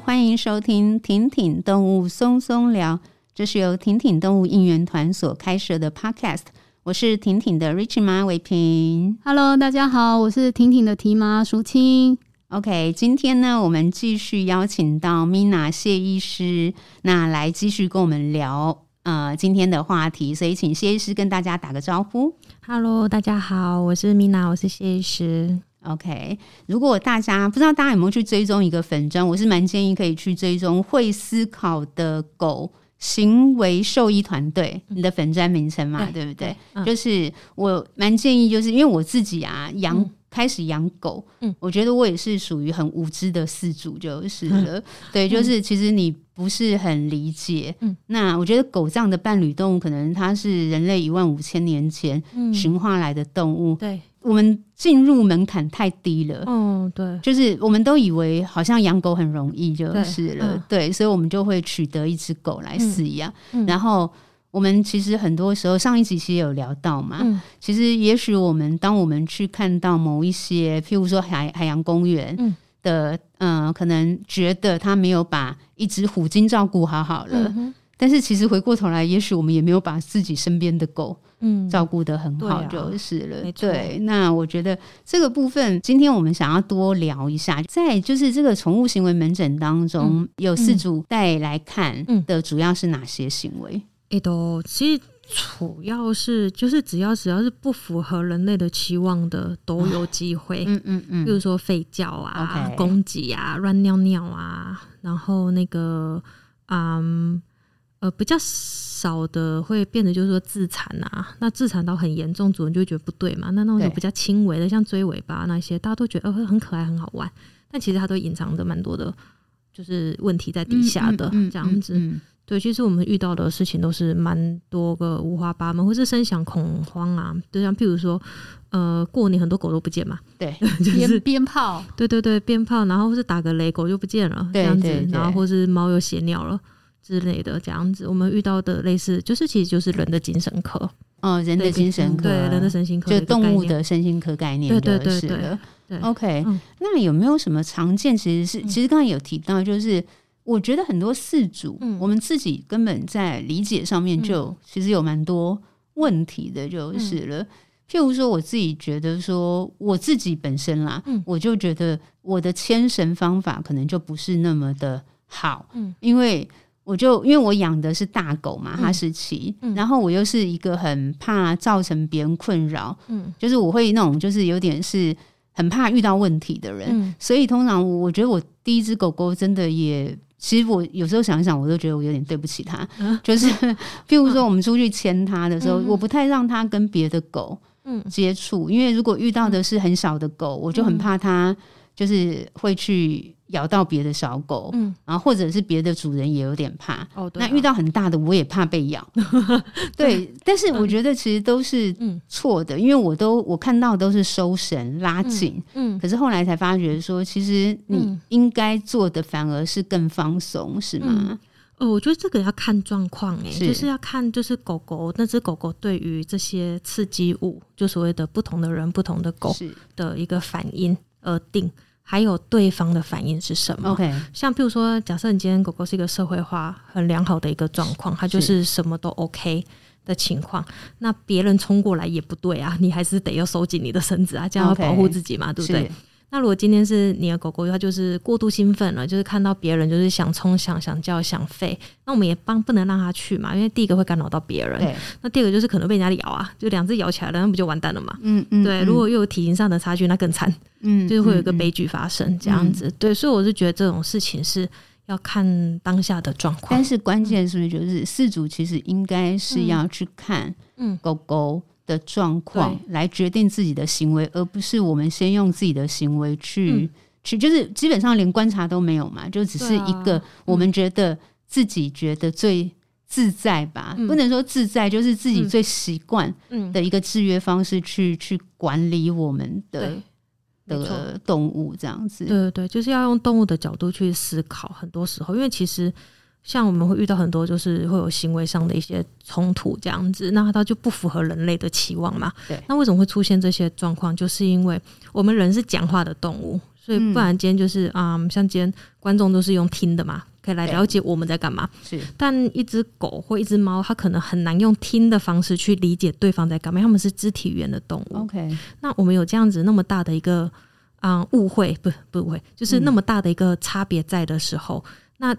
歡迎收聽《挺挺動物鬆鬆聊》，這是由挺挺動物應援團所開設的 Podcast。我是挺挺的 Rich Ma 媽偉平。Hello，大家好，我是挺挺的提媽淑清。OK，今天呢，我們繼續邀請到 Mina 謝醫師，那來繼續跟我們聊呃今天的話題。所以，請謝醫師跟大家打個招呼。Hello，大家好，我是 Mina，我是謝醫師。OK，如果大家不知道大家有沒有去追蹤一個粉專，我是蠻建議可以去追蹤“會思考的狗”行為獸醫團隊。嗯、你的粉專名稱嘛，對，對不對？對嗯、就是我蠻建議，就是因為我自己啊養、嗯、開始養狗，嗯，我覺得我也是屬於很無知的飼主，就是了。嗯、對，就是其實你不是很理解。嗯、那我覺得狗這樣的伴侶動物，可能它是人類一萬五千年前馴化來的動物，嗯、對。我們進入門檻太低了，嗯，對，就是我們都以為好像養狗很容易就是了，對，嗯、對，所以我們就會取得一隻狗來飼養。嗯嗯、然後我們其實很多時候，上一集其實有聊到嘛，嗯、其實也許我們當我們去看到某一些，譬如說海海洋公園的，嗯、呃，可能覺得他沒有把一隻虎鯨照顧好好了。嗯但是其實回過頭來，也許我們也沒有把自己身邊的狗嗯照顧得很好，就是了，嗯。對，那我覺得這個部分，今天我們想要多聊一下，在就是這個寵物行為門診當中，嗯、有飼主帶來看的主要是哪些行為？都，嗯嗯、其實主要是就是只要只要是不符合人類的期望的，都有機會，哦。嗯嗯嗯，比如說吠叫啊、Okay. 攻擊啊、亂尿尿啊，然後那個嗯。呃，比較少的會變得就是說自殘啊，那自殘到很嚴重，主人就會覺得不對嘛。那那種比較輕微的，對像追尾巴那些，大家都覺得呃很可愛很好玩。但其實它都隱藏着蠻多的，就是問題在底下的這樣子。對，其實我們遇到的事情都是蠻多個五花八門，或是聲響恐慌啊，就像譬如說，呃，過年很多狗都不見嘛，對， 就是鞭炮，對對對，鞭炮，然後或是打個雷，狗就不見了，這樣子，對對對，然後或是貓又血尿了。之類的這樣子，我們遇到的類似，就是其實就是人的精神科，嗯，人的精神科，人的身心科，就動物的身心科概念，對對對對，OK。那有沒有什麼常見？其實是其實剛才有提到，就是我覺得很多飼主，嗯，我們自己根本在理解上面就其實有蠻多問題的，就是了。譬如說，我自己覺得說，我自己本身啦，我就覺得我的牽繩方法可能就不是那麼的好，嗯，因為。我就因為我養的是大狗嘛，哈士奇，嗯嗯、然後我又是一個很怕造成別人困擾，嗯，就是我會那種就是有點是很怕遇到問題的人，嗯、所以通常我覺得我第一隻狗狗真的也，其實我有時候想一想，我都覺得我有點對不起它，嗯嗯、就是譬如說我們出去牽它的時候，嗯嗯嗯、我不太讓它跟別的狗嗯接觸，因為如果遇到的是很小的狗，嗯、我就很怕它。就是會去咬到別的小狗，嗯，然後或者是別的主人也有點怕哦。啊、那遇到很大的，我也怕被咬。 對，啊、對，對啊，但是我覺得其實都是錯的，嗯，因為我都我看到都是收繩拉緊，嗯，嗯，可是後來才發覺說，其實你應該做的反而是更放鬆，是嗎？哦、嗯，我覺得這個要看狀況，欸、是就是要看就是狗狗那只狗狗對於這些刺激物，就所謂的不同的人、不同的狗的一個反應而定。還有對方的反應是什麼？OK，像譬如說，假設你今天狗狗是一個社會化很良好的一個狀況，它是就是什麼都 OK 的情況，是那別人衝過來也不對啊，你還是得要收緊你的繩子啊，這樣要保護自己嘛，Okay. 對不對？那如果今天是你的狗狗，它就是過度興奮了，就是看到別人，就是想衝、想想叫、想吠，那我們也幫不能讓它去嘛，因為第一個會干擾到別人，對那第二個就是可能被人家咬啊，就兩隻咬起來了，那不就完蛋了嘛？嗯嗯。嗯對，如果又有體型上的差距，那更慘。嗯，就是會有一個悲劇發生這樣子。嗯嗯嗯、對，所以我是覺得這種事情是要看當下的狀況，但是關鍵是不是就是飼、嗯、主其實應該是要去看，嗯，狗狗。的狀況來決定自己的行為，對而不是我們先用自己的行為去、嗯、去，就是基本上連觀察都沒有嘛，就只是一個我們覺得自己覺得最自在吧，嗯、不能說自在，就是自己最習慣的一個制約方式去、嗯、去管理我們的對的動物這樣子。對，對對，就是要用動物的角度去思考，很多時候因為其實。像我們會遇到很多，就是會有行為上的一些衝突這樣子，那它就不符合人類的期望嘛？對。那為什麼會出現這些狀況？就是因為我們人是講話的動物，所以不然今天就是啊、嗯嗯，像今天觀眾都是用聽的嘛，可以來了解我們在幹嘛、欸。是。但一隻狗或一隻貓，它可能很難用聽的方式去理解對方在幹嘛，因為他們是肢體語言的動物。OK。那我們有這樣子那麼大的一個嗯誤會不不誤會，就是那麼大的一個差別在的時候，嗯、那。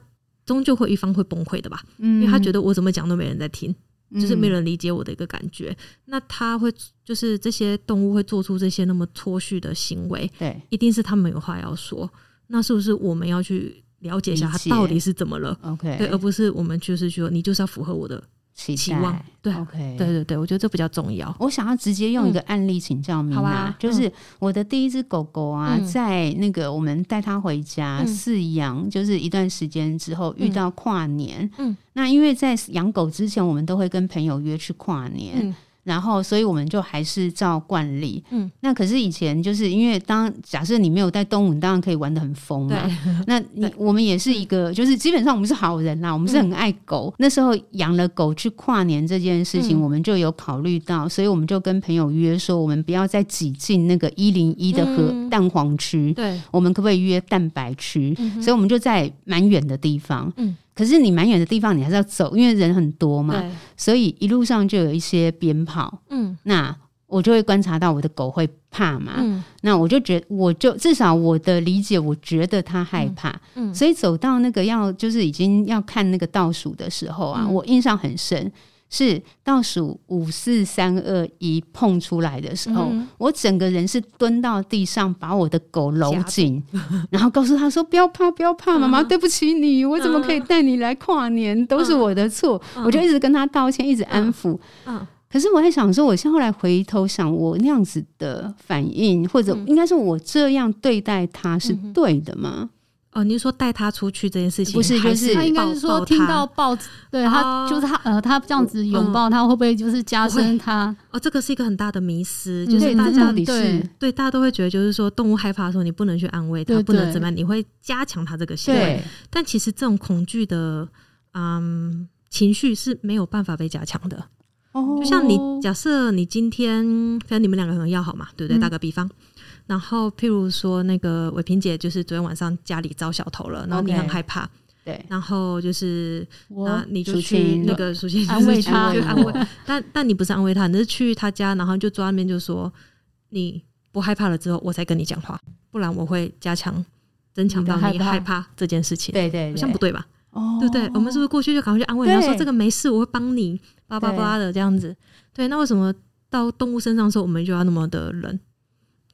終究會一方會崩潰的吧，因為他覺得我怎麼講都沒人在聽，就是沒人理解我的一個感覺。那他會就是這些動物會做出這些那麼脫序的行為，對，一定是他們有話要說。那是不是我們要去了解一下他到底是怎麼了？對，而不是我們就是說你就是要符合我的。期待、期望，對，OK，對對對，我覺得這比較重要。嗯、我想要直接用一個案例請教 Mina，嗯好啊、就是我的第一隻狗狗啊，嗯、在那個我們帶它回家、嗯、飼養，就是一段時間之後遇到跨年，嗯，嗯那因為在養狗之前，我們都會跟朋友約去跨年，嗯嗯然後，所以我們就還是照慣例。嗯，那可是以前就是因為當假設你沒有帶動物，當然可以玩得很瘋嘛。那你我們也是一個，就是基本上我們是好人啦，我們是很愛狗。那時候養了狗去跨年這件事情，我們就有考慮到，所以我們就跟朋友約說，我們不要再擠進那個一零一的和蛋黃區。對。我們可不可以約蛋白區？所以我們就在蠻遠的地方。嗯。可是你蠻遠的地方，你還是要走，因為人很多嘛，對所以一路上就有一些鞭炮。嗯，那我就會觀察到我的狗會怕嘛。嗯，那我就覺得，我就至少我的理解，我覺得它害怕。嗯，嗯，所以走到那個要就是已經要看那個倒數的時候啊，嗯、我印象很深。是倒數五四三二一碰出來的時候，嗯、哼我整個人是蹲到地上，把我的狗摟緊，的然後告訴他說：“不要怕，不要怕，媽媽、啊，對不起你，我怎麼可以帶你來跨年？啊、都是我的錯。啊”我就一直跟他道歉，一直安撫。啊、可是我在想說，我現在後來回頭想，我那樣子的反應，或者應該是我這樣對待他是對的嗎？嗯哦，你說帶他出去這件事情，不是，是他應該是說聽到抱，對他就是他呃，他這樣子擁抱他會不會就是加深他？哦，這個是一個很大的迷思，就是大家對對，大家都會覺得就是說動物害怕的時候，你不能去安慰他，不能怎麼樣，你會加強他這個行為。但其實這種恐懼的嗯情緒是沒有辦法被加強的。哦，就像你假設你今天，像你們兩個可能要好嘛，對不對？打個比方。然後，譬如說，那個偉平姐就是昨天晚上家裡遭小偷了，然後你很害怕，okay, 對，然後就是，那我 你就去那個首先安慰她，安慰。 但但你不是安慰她，你是去她家，然後就專門就說你不害怕了之後，我才跟你講話，不然我會加強增強到你害怕這件事情。對，對對，好像不對吧？哦，對不對？我們是不是過去就趕快去安慰，對然後說這個沒事，我會幫你，巴拉巴拉的這樣子？對，對，那為什麼到動物身上的時候，我們就要那麼的冷？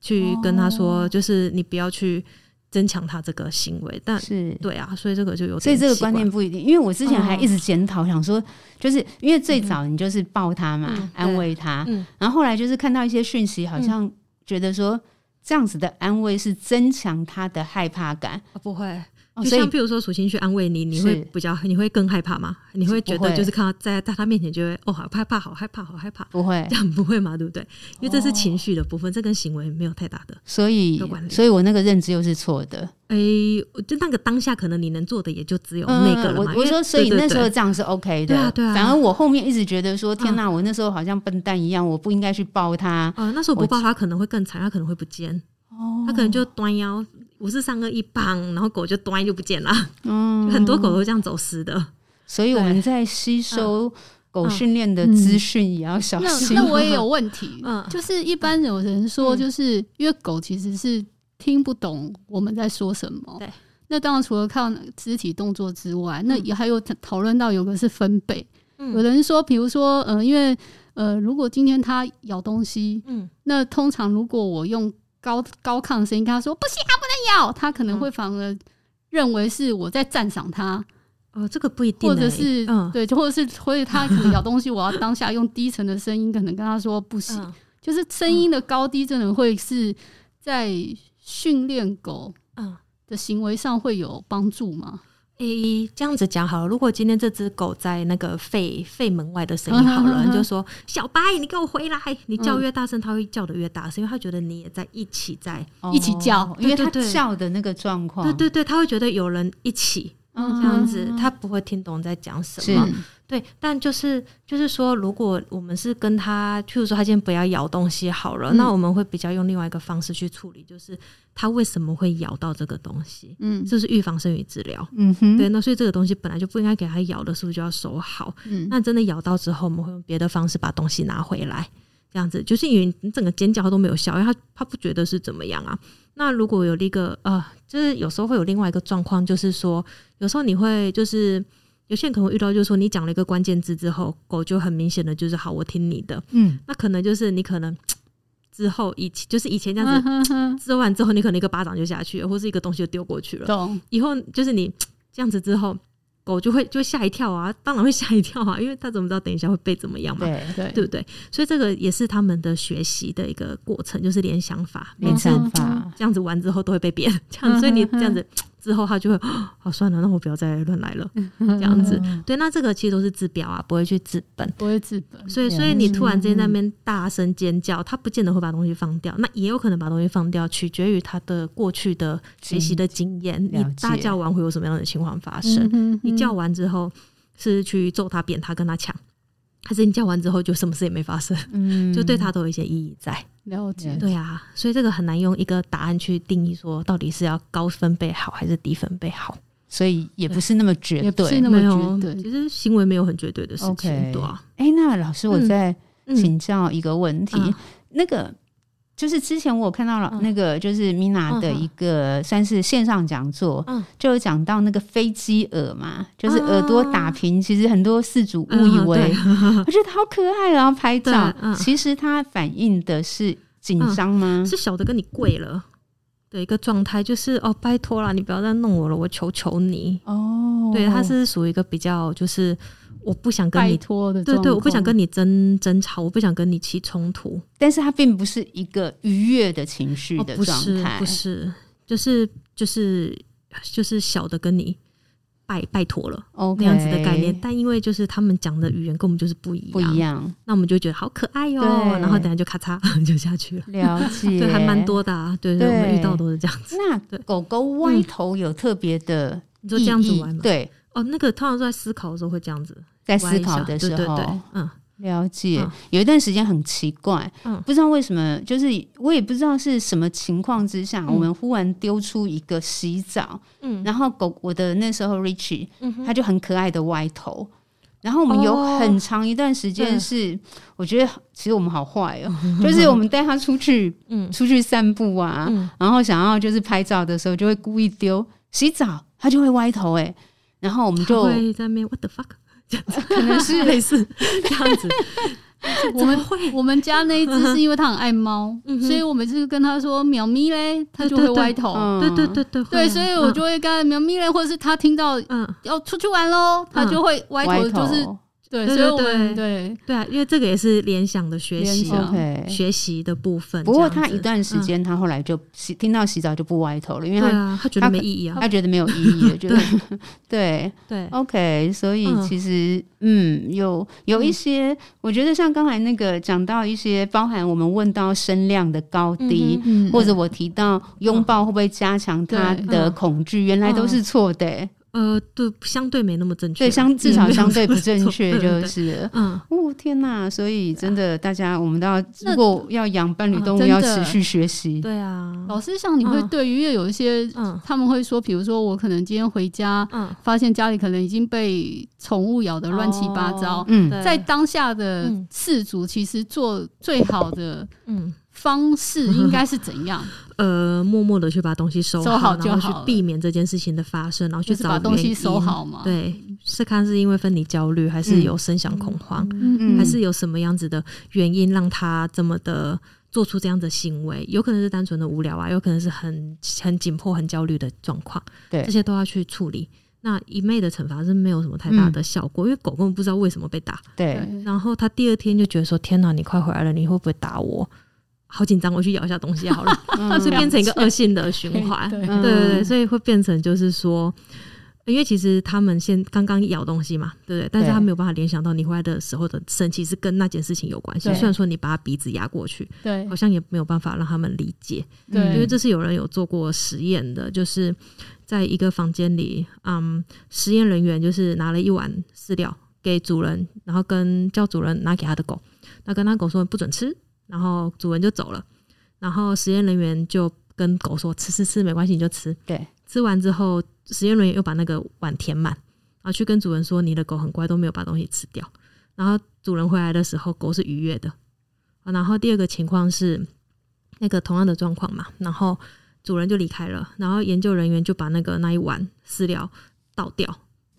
去跟他說，就是你不要去增強他這個行為，但是對啊，所以這個就有，所以這個觀念不一定。因為我之前還一直檢討，哦、想說，就是因為最早你就是抱他嘛，嗯、安慰他，嗯、然後後來就是看到一些訊息，好像覺得說這樣子的安慰是增強他的害怕感，哦、不會。就像譬如說，楚心去安慰你，你會比較，是你會更害怕嗎？你會覺得就是看到在他在他面前就會哦，好害怕好，好害怕好，好害怕，不會，這樣不會嘛？對不對？因為這是情緒的部分，哦、這跟行為沒有太大的。所以，所以我那個認知又是錯的。哎、欸，就那個當下，可能你能做的也就只有那個。我我說，所以對對對那時候這樣是 OK 的。對啊，對啊。反而我後面一直覺得說，天哪、啊，我那時候好像笨蛋一樣，我不應該去抱他嗯。嗯，那時候不抱他可能會更慘，他可能會不見。哦。他可能就端腰。不是上個一幫，然後狗就端，就不見了。嗯，很多狗都這樣走失的，所以我們在吸收狗訓練的資訊也要小心、啊嗯嗯嗯那。那我也有問題，嗯，就是一般有人說，就是、嗯、因為狗其實是聽不懂我們在說什麼。對、嗯，那當然除了靠肢體動作之外，嗯、那也還有討論到有個是分貝。嗯、有人說，比如說，嗯、呃，因為呃，如果今天它咬東西，嗯，那通常如果我用。高高亢的聲音跟他說不行，他不能咬。他可能會反而認為是我在讚賞他。嗯、哦，這個不一定的，或者是、嗯、對，就或者是所以他可能咬東西，我要當下用低沉的聲音，可能跟他說不行。嗯、就是聲音的高低，真的會是在訓練狗的行為上會有幫助嗎？誒、欸，這樣子講好了。如果今天這只狗在那個吠吠門外的聲音好了，啊、呵呵你就說小白，你給我回來！你叫越大聲，它、嗯、會叫的越大聲，因為它覺得你也在一起，在一起叫，哦、因為它叫的那個狀況，對對對，它會覺得有人一起，啊、呵呵這樣子，它不會聽懂在講什麼。對，但就是就是說，如果我們是跟他，譬如說他先不要咬東西好了，嗯、那我們會比較用另外一個方式去處理，就是他為什麼會咬到這個東西，嗯，就是預防勝於治療，嗯哼，對。那所以這個東西本來就不應該給他咬的，是不是就要收好？嗯，那真的咬到之後，我們會用別的方式把東西拿回來，這樣子，就是因為你整個尖叫都沒有效，因為他他不覺得是怎麼樣啊。那如果有一個啊、呃，就是有時候會有另外一個狀況，就是說有時候你會就是。有些人可能遇到，就是說你講了一個關鍵字之後，狗就很明顯的就是好，我聽你的。嗯，那可能就是你可能之後以就是以前這樣子，說、嗯、完之後你可能一個巴掌就下去了，或是一個東西就丟過去了。懂以後就是你這樣子之後，狗就會就嚇一跳啊，當然會嚇一跳啊，因為它怎麼知道等一下會被怎麼樣嘛？對對，對，對不對？所以這個也是他們的學習的一個過程，就是聯想法，聯想法這樣子玩之後都會被別人這樣，所以你這樣子。之後他就會，好、哦、算了，那我不要再亂來了，這樣子。對，那這個其實都是治標啊，不會去治本，不會治本。所以，所以你突然間在那邊大聲尖叫，他不見得會把東西放掉，那也有可能把東西放掉，取決於他的過去的學習的經驗。你大叫完會有什麼樣的情況發生？嗯嗯嗯、你叫完之後是去揍他、扁他、跟他搶？還是你叫完之後就什麼事也沒發生，嗯，就對他都有一些意義在，了解。對啊，所以這個很難用一個答案去定義說到底是要高分貝好還是低分貝好，所以也不是那麼絕對，對，也不是那麼絕對，其實行為沒有很絕對的事情，Okay 對吧、啊？哎、欸，那老師，我再請教一個問題，嗯嗯啊、那個。就是之前我看到了那個，就是 Mina 的一個算是線上講座，嗯嗯嗯、就有講到那個飛機耳嘛，嗯、就是耳朵打平。嗯、其實很多飼主誤以為，我覺得好可愛啊，然後拍照。嗯、其實它反映的是緊張嗎、嗯？是小的跟你跪了的一個狀態，就是哦，拜託了，你不要再弄我了，我求求你哦。對，它是屬於一個比較就是。我不想跟你，拜託的，對，對對，我不想跟你爭爭吵，我不想跟你起衝突。但是它並不是一個愉悅的情緒的狀態，哦，不是，就是就是就是小的跟你拜拜託了，Okay 那樣子的概念。但因為就是他們講的語言跟我們就是不一樣，不一樣，那我們就覺得好可愛喲。對然後等下就咔嚓就下去了，了解， 對還蠻多的，啊，對對，我們遇到都是這樣子。對，那狗狗歪頭有特別的意義，對。哦，那個通常在思考的時候會這樣子，在思考的時候，對對對，嗯，了解。有一段時間很奇怪，嗯，不知道為什麼，就是我也不知道是什麼情況之下，我們忽然丟出一個洗澡，嗯，然後狗，我的那時候 Richie，嗯，它就很可愛的歪頭，然後我們有很長一段時間是，我覺得其實我們好壞哦，就是我們帶它出去，嗯，出去散步啊，然後想要就是拍照的時候，就會故意丟洗澡，它就會歪頭，誒。然後我們就會在外面 what the fuck， 是這樣子，可能 是類似這樣子。我們會，我們家那一隻是因為它很愛貓，嗯、哼所以我每次跟他說喵咪嘞，它就會歪頭。對對對對，對，所以我就會跟喵咪嘞，或者是他聽到嗯要出去玩咯，他就會歪頭，就是。對，所以我們對對對啊，因為這個也是聯想的學習，學習的部分。不過他一段時間，他後來就洗聽到洗澡就不歪頭了，因為他他覺得沒意義啊，他覺得沒有意義，我覺得對對。OK，所以其實嗯，有有一些，我覺得像剛才那個講到一些包含我們問到聲量的高低，或者我提到擁抱會不會加強他的恐懼，原來都是錯的。呃，對，相對沒那麼正確。對，相至少相對不正確，就是嗯，哦天哪！所以真的，大家我們都要，如果要養伴侶動物，要持續學習。對啊，老師，像你會對於有一些，他們會說，比如說我可能今天回家，發現家裡可能已經被寵物咬得亂七八糟。嗯，在當下的飼主，其實做最好的，嗯。方式應該是怎樣、嗯？呃，默默的去把東西收好，收好就好然後去避免這件事情的發生，然後去找原因，把東西找收好嗎？對，是看是因為分離焦慮，還是有聲響恐慌，嗯、還是有什麼樣子的原因讓他這麼的做出這樣的行為？有可能是單純的無聊啊，有可能是很很緊迫、很焦慮的狀況。對，這些都要去處理。那一昧的懲罰是沒有什麼太大的效果，嗯、因為狗狗不知道為什麼被打。對。對然後他第二天就覺得說：“天哪，你快回來了，你會不會打我？”好緊張，我去咬一下東西好了，它是、嗯、變成一個惡性的循環。嗯、對對對，所以會變成就是說，因為其實他們先剛剛咬東西嘛，對不對，對？對但是他沒有辦法聯想到你回來的時候的生氣是跟那件事情有關係。對雖然說你把他鼻子壓過去，對，好像也沒有辦法讓他們理解。對，因為這是有人有做過實驗的，就是在一個房間裡，嗯，實驗人員就是拿了一碗飼料給主人，然後跟叫主人拿給他的狗，那跟他狗說不准吃。然後主人就走了，然後實驗人員就跟狗說吃吃吃，沒關係，你就吃。對，吃完之後，實驗人員又把那個碗填滿，然後去跟主人說你的狗很乖，都沒有把東西吃掉。然後主人回來的時候，狗是愉悅的。然後第二個情況是那個同樣的狀況嘛，然後主人就離開了，然後研究人員就把那個那一碗飼料倒掉，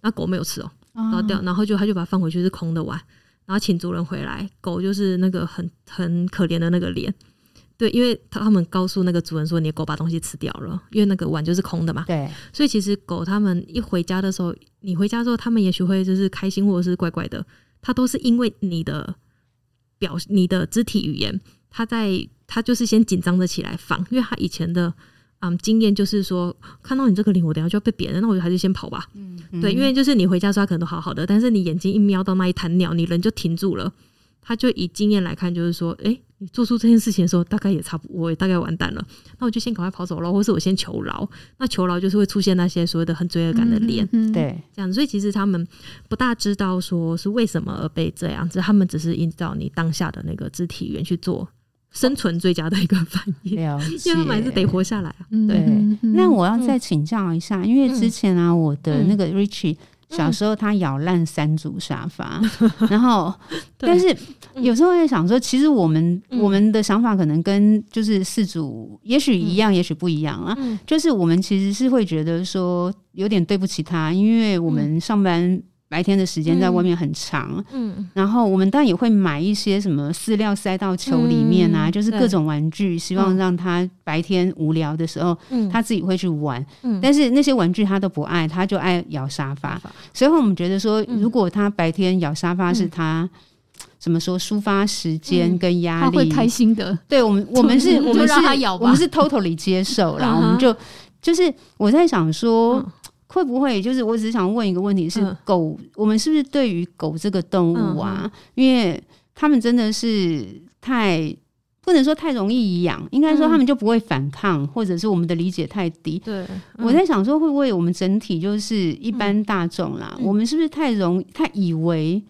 那狗沒有吃哦，倒掉，嗯、然後就他就把它放回去，是空的碗。然後請主人回來，狗就是那個很很可憐的那個臉，對，因為他們告訴那個主人說，你的狗把東西吃掉了，因為那個碗就是空的嘛，對。所以其實狗他們一回家的時候，你回家之後，他們也許會就是開心或者是怪怪的，它都是因為你的表、你的肢體語言，它在它就是先緊張的起來防，因為它以前的。嗯，經驗就是說，看到你這個臉，我等下就要被扁了，那我就還是先跑吧。嗯哼，對，因為就是你回家抓可能都好好的，但是你眼睛一瞄到那一灘尿，你人就停住了。他就以經驗來看，就是說，哎、欸，你做出這件事情的時候，大概也差不多，我也大概完蛋了。那我就先趕快跑走了，或是我先求饒。那求饒就是會出現那些所謂的很罪惡感的臉，對、嗯哼，這樣。所以其實他們不大知道說是為什麼而被這樣子，他們只是依照你當下的那個肢體語言去做。生存最佳的一個反應，對啊了解，最後還是得活下來、啊、對，對，那我要再請教一下，嗯、因為之前啊，嗯、我的那個 Richie、嗯、小時候他咬爛三組沙發，嗯、然後， 對但是有時候會想說，其實我們我們的想法可能跟就是四組，也許一樣，嗯、也許不一樣啊。嗯、就是我們其實是會覺得說有點對不起他，因為我們上班。白天的時間在外面很長，嗯，然後我們當然也會買一些什麼飼料塞到球裡面啊，就是各種玩具，希望讓它白天無聊的時候，嗯，他自己會去玩，嗯，但是那些玩具他都不愛，他就愛咬沙發，所以我們覺得說，如果他白天咬沙發是他怎麼說，抒發時間跟壓力，他會開心的，對我們，我們是，我們讓他咬吧，我們是 totally 接受，然後我們就就是我在想說。會不會就是我只想問一個問題：是狗，嗯、我們是不是對於狗這個動物啊？嗯、因為他們真的是太不能說太容易養，應該說他們就不會反抗，嗯、或者是我們的理解太低。對，嗯、我在想說，會不會我們整體就是一般大眾啦？嗯、我們是不是太容易太以為？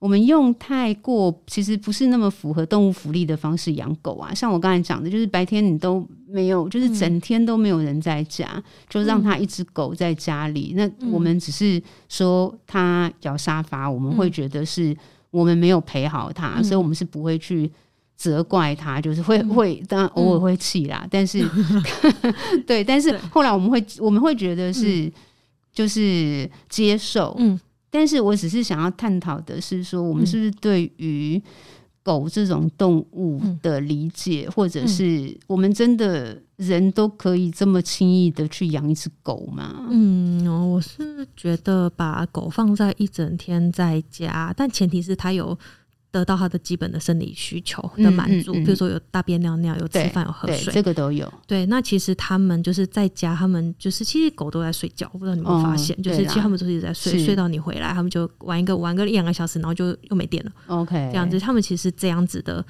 我們用太過，其實不是那麼符合動物福利的方式養狗啊。像我剛才講的，就是白天你都沒有，就是整天都沒有人在家，嗯、就讓它一隻狗在家裡。嗯、那我們只是說它咬沙發，我們會覺得是我們沒有陪好它，嗯、所以我們是不會去責怪它，就是會、嗯、會當然偶爾會氣啦。嗯、但是， 對，但是後來我們會我們會覺得是、嗯、就是接受，嗯但是我只是想要探討的是，說我們是不是對於狗這種動物的理解，嗯、或者是我們真的人都可以這麼輕易的去養一隻狗嗎？嗯，我是覺得把狗放在一整天在家，但前提是他有，得到它的基本的生理需求的滿足，嗯嗯嗯、比如說有大便尿尿，有吃飯，對有喝水對，這個都有。對，那其實他們就是在家，他們就是其實狗都在睡覺，我不知道你有沒有發現，嗯、就是啦其實他們就是一直在睡，是睡到你回來，他們就玩一個玩個一兩個小時，然後就又沒電了。OK，這樣子，他們其實是這樣子的。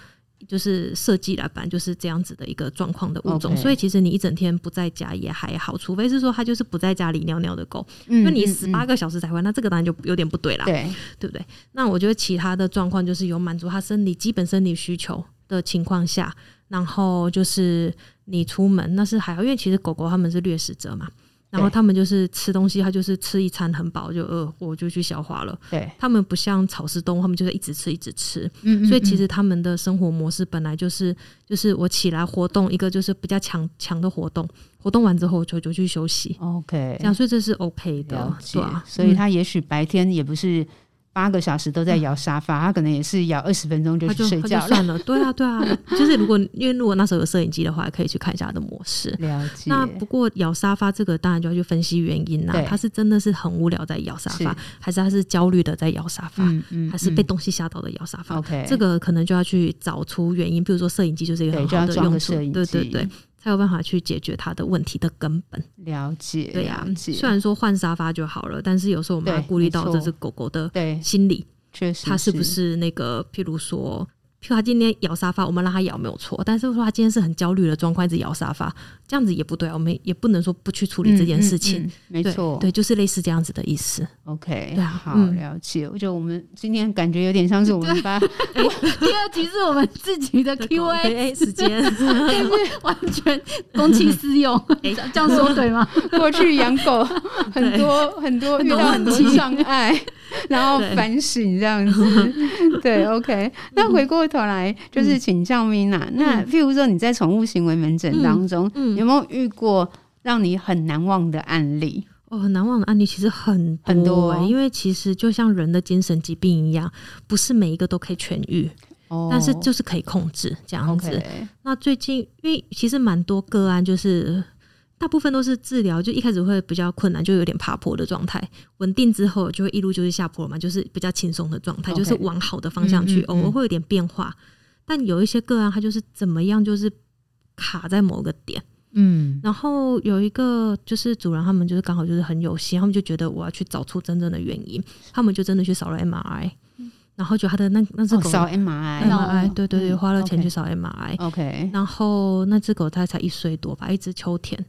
就是設計來辦就是這樣子的一個狀況的物種，Okay. 所以其實你一整天不在家也還好，除非是說他就是不在家裡尿尿的狗。那、嗯、你十八個小時才會，嗯嗯、那這個當然就有點不對啦，對，對不對？那我覺得其他的狀況就是有滿足他生理基本生理需求的情況下，然後就是你出門那是還要，因為其實狗狗他們是掠食者嘛。然後他們就是吃東西，他就是吃一餐很飽就餓，我就去消化了。對。他們不像草食動物，他們就是一直吃一直吃。嗯,嗯,嗯。所以其實他們的生活模式本來就是，就是我起來活動，一個就是比較強強的活動，活動完之後我就就去休息。OK，這樣所以這是 OK 的，了解。對啊。所以他也許白天也不是。八個小時都在咬沙發，他可能也是咬二十分鐘就睡覺算了。對啊，對啊，就是如果因為如果那時候有攝影機的話，可以去看一下他的模式。了解。那不過咬沙發這個當然就要去分析原因啦。對。他是真的是很無聊在咬沙發，還是他是焦慮的在咬沙發，還是被東西嚇到的咬沙發？OK。這個可能就要去找出原因，比如說攝影機就是一個很好的用處。對對對。才有辦法去解決他的問題的根本。了解，對啊、了解。雖然說換沙發就好了，但是有時候我們還顧慮到這隻狗狗的心理，確實，他是不是那個？譬如說，譬如他今天咬沙發，我們讓他咬沒有錯，但是說他今天是很焦慮的，狀況，一直咬沙發。這樣子也不對，我們也不能說不去處理這件事情。沒錯，對，就是類似這樣子的意思。OK，對好了解。我覺得我們今天感覺有點像是我們把第二題是我們自己的 Q&A 時間，因為完全公器私用，這樣說對嗎？過去養狗很多很多遇到很多障礙，然後反省這樣子。對，OK。那回過頭來就是請教 Mina，那譬如說你在寵物行為門診當中，嗯。有沒有遇過讓你很難忘的案例？哦，很難忘的案例其實很多，欸、很多，哦，因為其實就像人的精神疾病一樣，不是每一個都可以痊癒，哦，但是就是可以控制這樣子。Okay 那最近因為其實蠻多個案，就是大部分都是治療，就一開始會比較困難，就有點爬坡的狀態，穩定之後就會一路就是下坡嘛，就是比較輕鬆的狀態，Okay 就是往好的方向去。嗯嗯嗯，偶爾會有點變化，但有一些個案，它就是怎麼樣，就是卡在某個點。嗯，然後有一個就是主人，他們就是剛好就是很有心，他們就覺得我要去找出真正的原因，他們就真的去掃了 MRI，、嗯、然後就他的那那隻狗掃、哦、MRI，MRI 對對對，嗯、花了錢去掃 MRI，OK，、嗯、okay, okay 然後那隻狗它才一歲多吧，一隻秋田，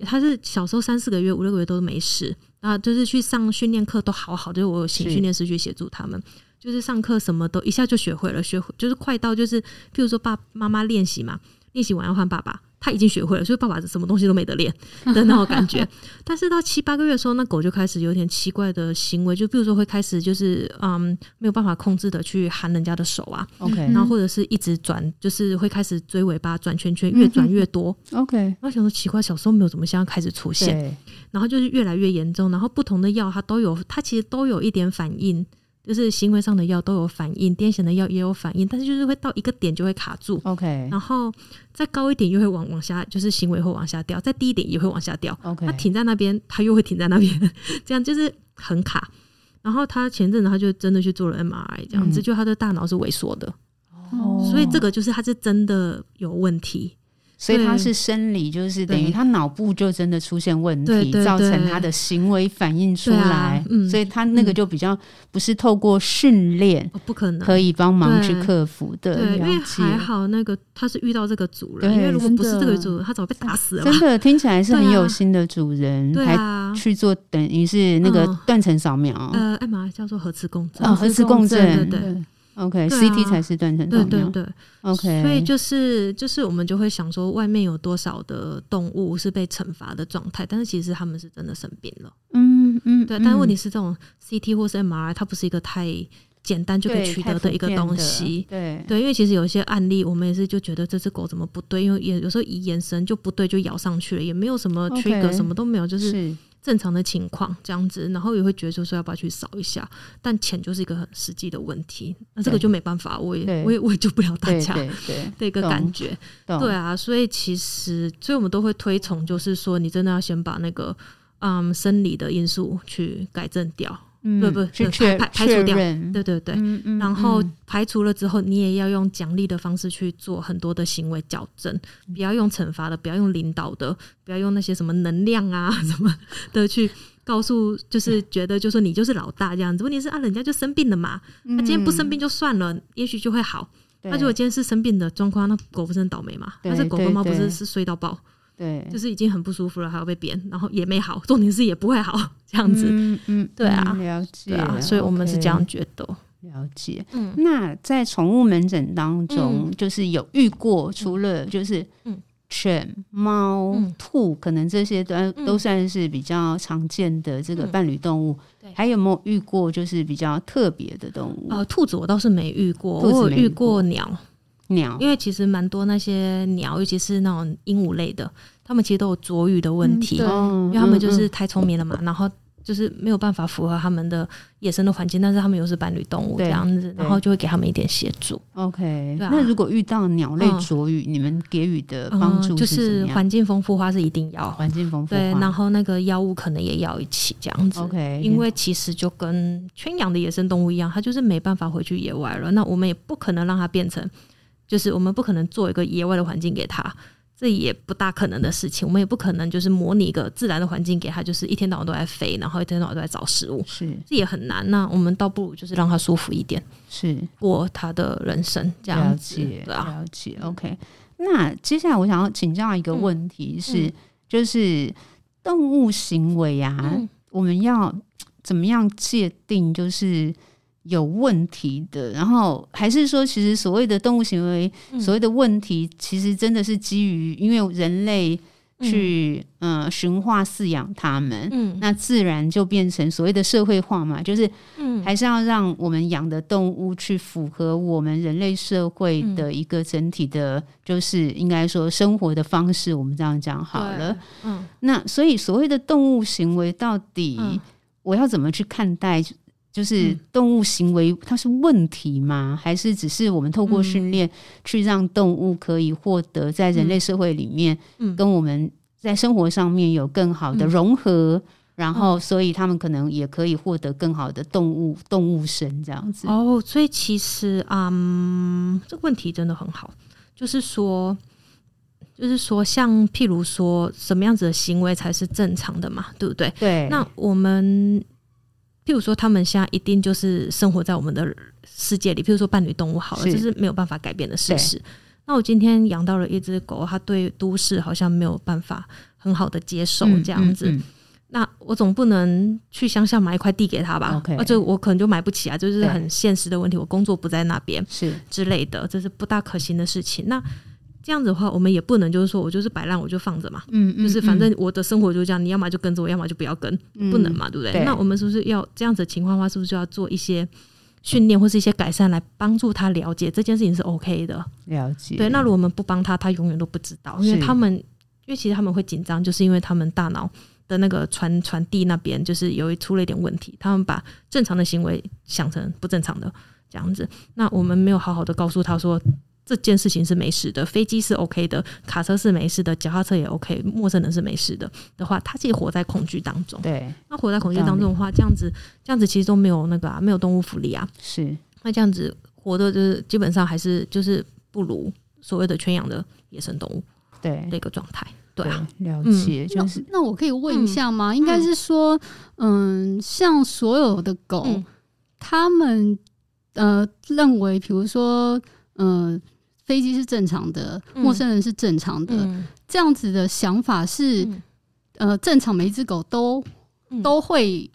它是小時候三四個月五六個月都沒事，啊，就是去上訓練課都好好，就是我有請訓練師去協助他們，是就是上課什麼都一下就學會了，學會就是快到就是，譬如說爸爸媽媽練習嘛，練習完要換爸爸。他已經學會了，所以爸爸什麼東西都沒得練的那種感覺。 但是到七八個月的時候，那狗就開始有點奇怪的行為，就比如說會開始就是嗯沒有辦法控制的去含人家的手啊，OK，然後或者是一直轉，就是會開始追尾巴轉圈圈，越轉越多 ，OK。我想說奇怪，小時候沒有怎麼像，現在開始出現，對然後就是越來越嚴重，然後不同的藥它都有，它其實都有一點反應。就是行為上的藥都有反應，癲癇的藥也有反應，但是就是會到一個點就會卡住。OK，然後再高一點又會往往下，就是行為會往下掉；再低一點也會往下掉。OK，它停在那邊，它又會停在那邊，這樣就是很卡。然後他前陣子他就真的去做了 MRI，這樣子，嗯，這樣子就他的大腦是萎縮的。哦，所以這個就是他是真的有問題。所以他是生理，對就是等於他腦部就真的出現問題，對對對，造成他的行為反應出來。啊，嗯、所以他那個就比較不是透過訓練，不可能可以幫忙去克服的。對。對，因為還好那個他是遇到這個主人，對因為如果不是這個主人，的他早被打死了。真的，聽起來是很有心的主人，還、啊、去做等於是那個斷層掃描，嗯、呃、愛、哎、馬叫做核磁共振，核磁、哦、共振，哦、共。對、對、對。OK，對啊，CT 才是斷層掃描。對對對，OK。所以就是就是，我們就會想說，外面有多少的動物是被懲罰的狀態？但是其實他們是真的生病了。嗯嗯，嗯嗯對。但是問題是，這種 CT 或是 MRI，它不是一個太簡單就可以取得的一個東西。對對，對，因為其實有一些案例，我們也是就覺得這隻狗怎麼不對，因為也有時候一眼神就不對，就咬上去了，也沒有什麼 trigger，Okay，什麼都沒有，就是。正常的情況這樣子，然後也會覺得說說要不要去掃一下，但錢就是一個很實際的問題，那對、啊、這個就沒辦法，我也對我也我也救不了大家對對對，的一個感覺，懂對啊，所以其實所以我們都會推崇，就是說你真的要先把那個嗯生理的因素去改正掉。對不對？排除掉，對對對。然後排除了之後，你也要用獎勵的方式去做很多的行為矯正，不要用懲罰的，不要用領導的，不要用那些什麼能量啊什麼的去告訴，就是覺得就說你就是老大這樣子。問題是啊，人家就生病了嘛，那今天不生病就算了，也許就會好。那如果今天是生病的狀況，那狗不是很倒霉嘛？但是狗跟貓不是是睡到爆。對，就是已經很不舒服了，還要被扁，然後也沒好，重點是也不會好，這樣子。嗯嗯，對啊，了解，對啊，所以我們是這樣覺得。了解，嗯，那在寵物門診當中，就是有遇過，除了就是，犬、貓、兔，可能這些都都算是比較常見的這個伴侶動物，還有沒有遇過就是比較特別的動物？啊，兔子我倒是沒遇過，兔子沒遇過鳥。鳥，因為其實蠻多那些鳥，尤其是那種鸚鵡類的，他們其實都有啄羽的問題，嗯、因為他們就是太聰明了嘛，嗯嗯、然後就是沒有辦法符合他們的野生的環境，但是他們又是伴侶動物這樣子，然後就會給他們一點協助。OK，對啊、那如果遇到鳥類啄羽，嗯、你們給予的幫助是、嗯、就是環境豐富化是一定要環境豐富化，對，然後那個藥物可能也要一起這樣子。OK，因為其實就跟圈養的野生動物一樣，它就是沒辦法回去野外了，那我們也不可能讓它變成。就是我們不可能做一個野外的環境給他，這也不大可能的事情。我們也不可能就是模擬一個自然的環境給他，就是一天到晚都在飛，然後一天到晚都在找食物。是，這也很難、啊。那我們倒不如就是讓他舒服一點，是過他的人生這樣子了解，對啊。了解，OK。那接下來我想要請教一個問題是，嗯嗯、就是動物行為啊，嗯、我們要怎麼樣界定？就是。有問題的，然後還是說，其實所謂的動物行為，嗯、所謂的問題，其實真的是基於因為人類去嗯馴、呃、化飼養它們，嗯，那自然就變成所謂的社會化嘛，就是嗯，還是要讓我們養的動物去符合我們人類社會的一個整體的，嗯、就是應該說生活的方式，我們這樣講好了，嗯，那所以所謂的動物行為到底我要怎麼去看待？就是動物行為，它是問題嗎？嗯、還是只是我們透過訓練，去讓動物可以獲得在人類社會裡面，跟我們在生活上面有更好的融合，嗯嗯、然後所以他們可能也可以獲得更好的動物動物身這樣子。哦，所以其實啊、嗯，這個問題真的很好，就是說，就是說，像譬如說，什麼樣子的行為才是正常的嘛？對不對？對。那我們。譬如說，他們現在一定就是生活在我們的世界裡。譬如說，伴侶動物好了，是這是沒有辦法改變的事實。對那我今天養到了一只狗，它對都市好像沒有辦法很好的接受這樣子。嗯嗯嗯、那我總不能去鄉下買一塊地給他吧？Okay 而且我可能就買不起啊，就是很現實的問題。對我工作不在那邊，是之類的，是這是不大可行的事情。那。這樣子的話，我們也不能就是說我就是擺爛，我就放着嘛。嗯嗯，嗯嗯就是反正我的生活就這樣，你要麼就跟着我，要麼就不要跟，不能嘛，嗯、對不對？對那我們是不是要這樣子的情況的話，是不是就要做一些訓練或是一些改善，來幫助他了解這件事情是 OK 的？了解。對，那如果我們不幫他，他永遠都不知道，是因為他們，因為其實他們會緊張，就是因為他們大腦的那個傳傳遞那邊，就是由於出了一點問題，他們把正常的行為想成不正常的這樣子。那我們沒有好好的告訴他說。這件事情是沒事的，飛機是 OK 的，卡車是沒事的，腳踏車也 OK，陌生人是沒事的。的話，他自己活在恐懼當中。對，那活在恐懼當中的話，這樣子，這樣子其實都沒有那個、啊，沒有動物福利啊。是，那這樣子活的，就是基本上還是就是不如所謂的圈養的野生動物。對，那個狀態。對，對啊對，了解。嗯、就是那，那我可以問一下嗎？嗯、應該是說，嗯，嗯，像所有的狗，他、嗯、們呃認為，比如說，嗯、呃。飛機是正常的，陌生人是正常的，嗯、這樣子的想法是、嗯、呃正常，每一隻狗都、嗯、都會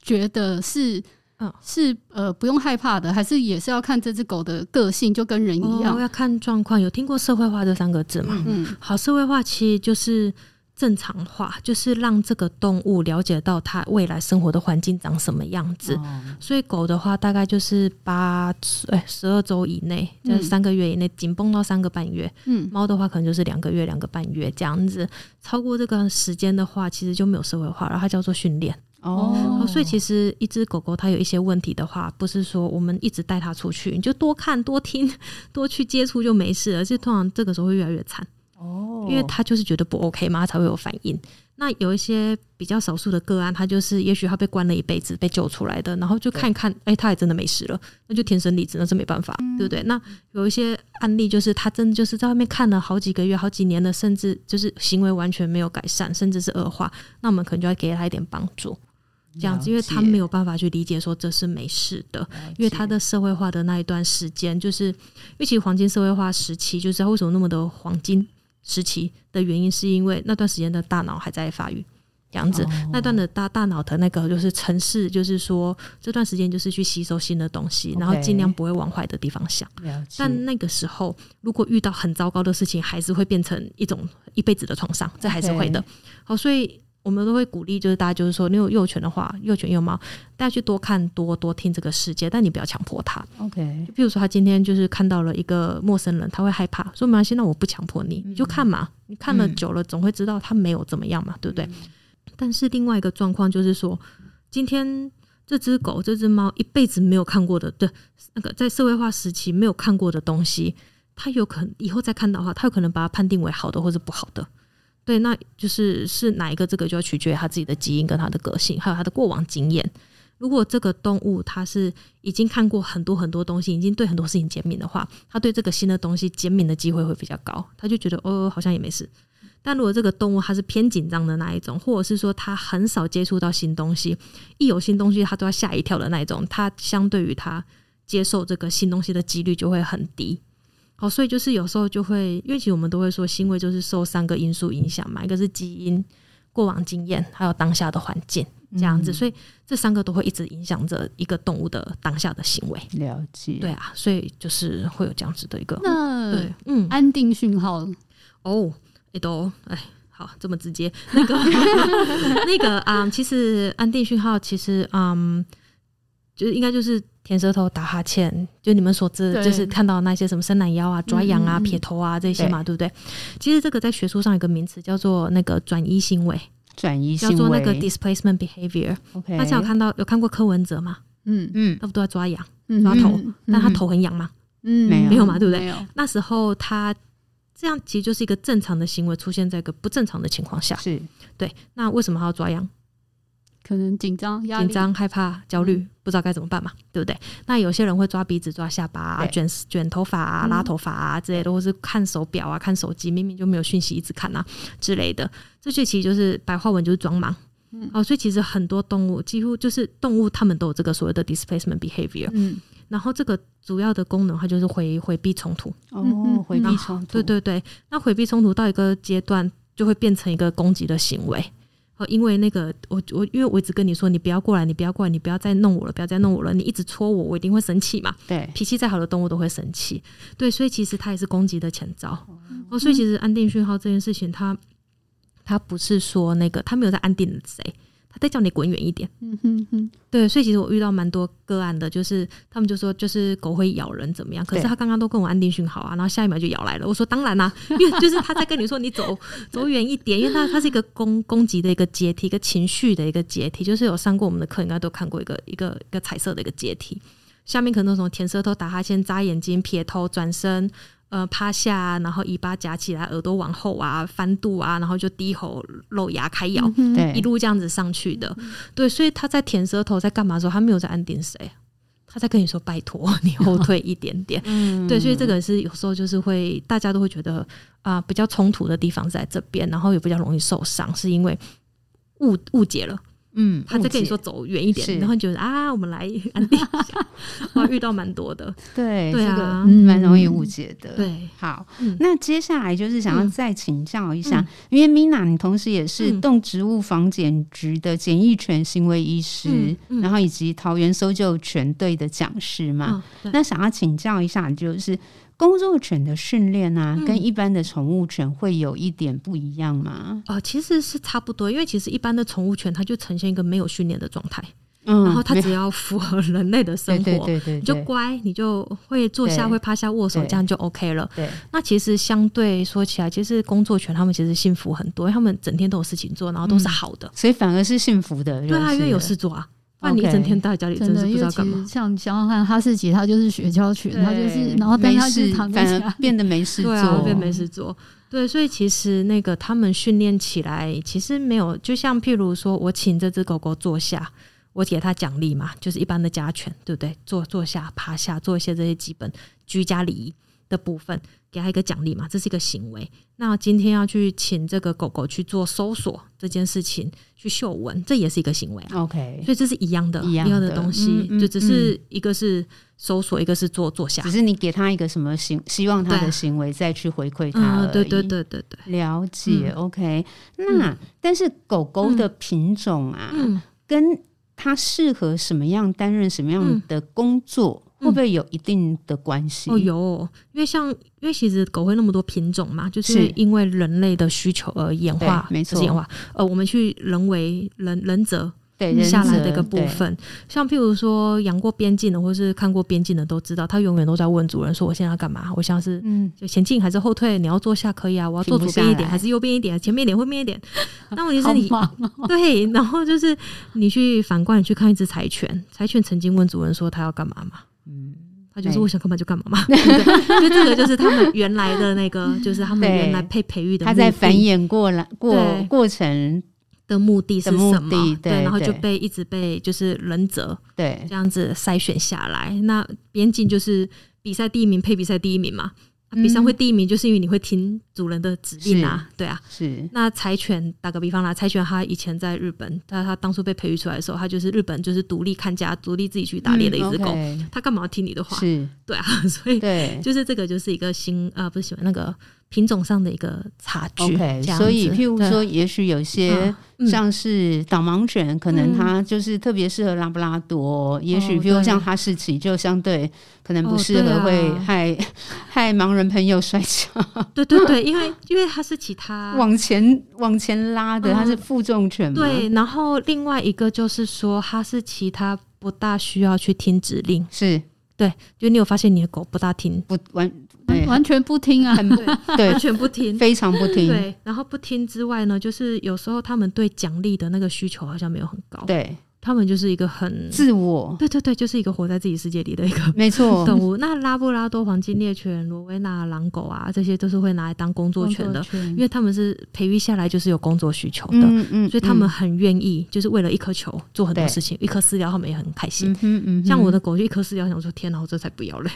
覺得是、嗯、是呃不用害怕的，還是也是要看這隻狗的個性，就跟人一樣，哦、我要看狀況？有聽過社會化這三個字嗎？嗯，嗯好，社會化其實就是。正常化就是讓這個動物了解到它未來生活的環境長什麼樣子。Oh. 所以狗的話大概就是八、呃十二周以內，就是三個月以內，緊繃、嗯、到三個半月。嗯，貓的話可能就是兩個月、兩個半月這樣子。超過這個時間的話，其實就沒有社會化，然後它叫做訓練。哦，oh. 所以其實一隻狗狗它有一些問題的話，不是說我們一直帶它出去，你就多看多聽多去接觸就沒事了，而且通常這個時候會越來越慘。哦，因為他就是覺得不 OK 嘛，他才會有反應。那有一些比較少數的個案，他就是也許他被關了一輩子，被救出來的，然後就看一看，哎對、欸，他也真的沒事了，那就天生麗質，那是沒辦法，嗯、對不對？那有一些案例就是他真的就是在外面看了好幾個月、好幾年了，甚至就是行為完全沒有改善，甚至是惡化，那我們可能就要給他一點幫助，這樣子，解因為他沒有辦法去理解說這是沒事的，解因為他的社會化的那一段時間，就是因為其實黃金社會化時期，就是他為什麼那麼的黃金。時期的原因是因為那段時間的大腦還在發育，這樣子，那段的大大腦的那個就是程式，就是說這段時間就是去吸收新的東西，然後儘量不會往壞的地方想。但那個時候如果遇到很糟糕的事情，還是會變成一種一輩子的創傷，這還是會的。好，所以。我們都會鼓勵，就是大家就是說，你有幼犬的話，幼犬幼貓，大家去多看多多聽這個世界，但你不要強迫它。OK，比如說他今天就是看到了一個陌生人，他會害怕，說沒關係，那我不強迫你，嗯、你就看嘛。你看了久了，嗯、總會知道他沒有怎麼樣嘛，對不對？嗯、但是另外一個狀況就是說，今天這隻狗、這隻貓一輩子沒有看過的，對，那個在社會化時期沒有看過的東西，它有可能以後再看到的話，它有可能把它判定為好的或者不好的。對，那就是是哪一個這個就要取決於他自己的基因跟他的個性，還有他的過往經驗。如果這個動物它是已經看過很多很多東西，已經對很多事情減敏的話，它對這個新的東西減敏的機會會比較高，它就覺得哦，哦，好像也沒事。但如果這個動物它是偏緊張的那一種，或者是說它很少接觸到新東西，一有新東西它都要嚇一跳的那一種，它相對於它接受這個新東西的幾率就會很低。哦，所以就是有時候就會，因為其實我們都會說，行為就是受三個因素影響嘛，一個是基因、過往經驗，還有當下的環境這樣子，嗯嗯，所以這三個都會一直影響着一個動物的當下的行為。了解，對啊，所以就是會有這樣子的一個，那對，嗯，安定訊號。哦，也、欸、都，哎，好，這麼直接，那個， 那個啊、嗯，其實安定訊號其實，嗯，就是應該就是。舔舌頭、打哈欠，就你們所知，就是看到那些什麼伸懶腰啊、抓癢啊、撇頭啊這些嘛，對不對？其實這個在學術上有個名詞叫做那個轉移行為，轉移叫做那個 displacement behavior。OK，之前有看到有看過柯文哲嘛？嗯嗯，他不都在抓癢、抓頭？但他頭很癢嗎？嗯，沒有嘛，對不對？那時候他這樣其實就是一個正常的行為出現在一個不正常的情況下，是對。那為什麼還要抓癢？可能緊張、壓力、緊張、害怕、焦慮，嗯、不知道該怎麼辦嘛，對不對？那有些人會抓鼻子、抓下巴、啊對卷、卷卷頭髮、啊、拉頭髮啊、嗯、之類的，或是看手表啊、看手機，明明就沒有訊息，一直看啊之類的。這些其實就是白話文，就是裝忙。嗯、哦，所以其實很多動物幾乎就是動物，它們都有這個所謂的 displacement behavior。嗯，然後這個主要的功能它就是回回避衝突。哦，回避衝突，對對對。那回避衝突到一個階段，就會變成一個攻擊的行為。哦，因為那個我我因為我一直跟你說，你不要過來，你不要過來，你不要再弄我了，不要再弄我了，你一直戳我，我一定會生氣嘛。對，脾氣再好的動物都會生氣。對，所以其實它也是攻擊的前兆。哦、嗯哼，所以其實安定訊號這件事情它，它它不是說那個，它沒有在安定誰。他在叫你滾遠一點。嗯哼哼，對，所以其實我遇到蠻多個案的，就是他們就說就是狗會咬人怎麼樣，可是他剛剛都跟我安定訊號啊，然後下一秒就咬來了。我說當然啦、啊，因為就是他在跟你說你走 走遠一點，因為他他是一個攻攻擊的一個階梯，一個情緒的一個階梯，就是有上過我們的課，應該都看過一個一個一個彩色的一個階梯，下面可能從舔舌頭打、打哈欠、眨眼睛、撇頭、轉身。呃，趴下、啊，然後尾巴夾起來，耳朵往後啊，翻肚啊，然後就低吼、露牙、開咬，嗯、對一路這樣子上去的。嗯、哼對，所以他在舔舌頭在幹嘛的時候，他沒有在安定誰，他在跟你說拜托你後退一點點。嗯、對，所以這個是有時候就是會大家都會覺得啊、呃，比較衝突的地方在這邊，然後也比較容易受傷，是因為誤誤解了。嗯，他在跟你說走遠一點，是然後你覺得啊，我們來安定一下， 我遇到蠻多的，對，對、啊、這個，嗯，蠻容易誤解的。對、嗯，好，嗯、那接下來就是想要再請教一下，嗯、因為 Mina 你同時也是動植物防檢局的檢疫犬行為醫師，嗯、然後以及桃園搜救犬隊的講師嘛，哦、那想要請教一下，就是。工作犬的訓練呢，跟一般的寵物犬會有一點不一樣嗎？哦、嗯呃，其實是差不多，因為其實一般的寵物犬，它就呈現一個沒有訓練的狀態，嗯、然後它只要符合人類的生活，對，對對對，你就乖，你就會坐下，對會趴下，握手，這樣就 OK 了。對，對那其實相對說起來，其實工作犬他們其實幸福很多，因為他們整天都有事情做，然後都是好的，嗯、所以反而是幸福的。對啊，因為有事做啊。那、啊、你一整天待家裡，Okay, 真的不知道幹嘛。像小哈士奇，它就是雪橇犬，它對就是，然後但它就是躺反而變得沒事做對、啊，變沒事做。對，所以其實那個他們訓練起來，其實沒有。就像譬如說，我請這只狗狗坐下，我給它獎勵嘛，就是一般的家犬，對不對？坐坐下、趴下，做一些這些基本居家禮儀。的部分，給他一個獎勵嘛，這是一個行為。那今天要去請這個狗狗去做搜索這件事情，去嗅聞，這也是一個行為。OK，所以這是一樣的，一樣的東西，就只是一個是搜索，一個是坐坐下，只是你給他一個什麼行，希望他的行為再去回饋他而已。對對對對對，了解。OK，那但是狗狗的品種啊，跟它適合什麼樣擔任什麼樣的工作？會不會有一定的關係，嗯？哦，有哦，因為像因為其實狗會那麼多品種嘛，就是因為人類的需求而演化，沒錯，演化。呃，我們去人為人人擇，對，人擇下來的一個部分。對像譬如說養過邊境的，或是看過邊境的都知道，它永遠都在問主人說：“我現在要幹嘛？”我想是嗯，就前進還是後退？你要坐下可以啊，我要坐左邊一點，還是右邊一點？前面一點，後面一點？ 那問題是你，你、哦、對，然後就是你去反觀你去看一隻柴犬，柴犬曾經問主人說：“它要幹嘛嗎，嗎？”嗯，他就說我想幹嘛就幹嘛嘛，所以這個就是他們原來的那個，就是他們原來配培育的，的，他在繁衍過來過過程對的目的是什麼？的的對，對，對，然後就被一直被就是人擇對，這樣子篩選下來，對那邊境就是比賽第一名配比賽第一名嘛。啊、比賽會第一名，嗯、就是因為你會聽主人的指令啊，是對啊，是。那柴犬打個比方啦，柴犬它以前在日本，它它當初被培育出來的時候，它就是日本就是獨立看家，獨立自己去打獵的一只狗，它幹、嗯 okay、嘛要聽你的話？是，對啊，所以對就是這個就是一個新啊，不是喜歡那個。品種上的一個差距，所以譬如說，也許有些像是導盲犬，可能它就是特別適合拉布拉多。也許比如像哈士奇，就相對可能不適合，會害害盲人朋友摔跤。對對對，因為因為哈士奇它往前往前拉的，它是負重犬嘛。對，然後另外一個就是說，哈士奇它不大需要去聽指令。是，對，就你有發現你的狗不大聽不完？完全不聽啊！對，完全不聽，非常不聽。對，然後不聽之外呢，就是有時候他們對獎勵的那個需求好像沒有很高。對，他們就是一個很自我。對對對，就是一個活在自己世界裡的一個沒錯動物。那拉布拉多、黃金獵犬、羅威納、狼狗啊，這些都是會拿來當工作犬的，因為他們是培育下來就是有工作需求的。嗯嗯，所以他們很願意，就是為了一顆球做很多事情，一顆飼料他們也很開心。嗯嗯，像我的狗就一顆飼料想說天哪，我這才不要嘞。